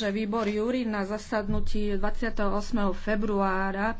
že výbor Júri na zasadnutí 28. februára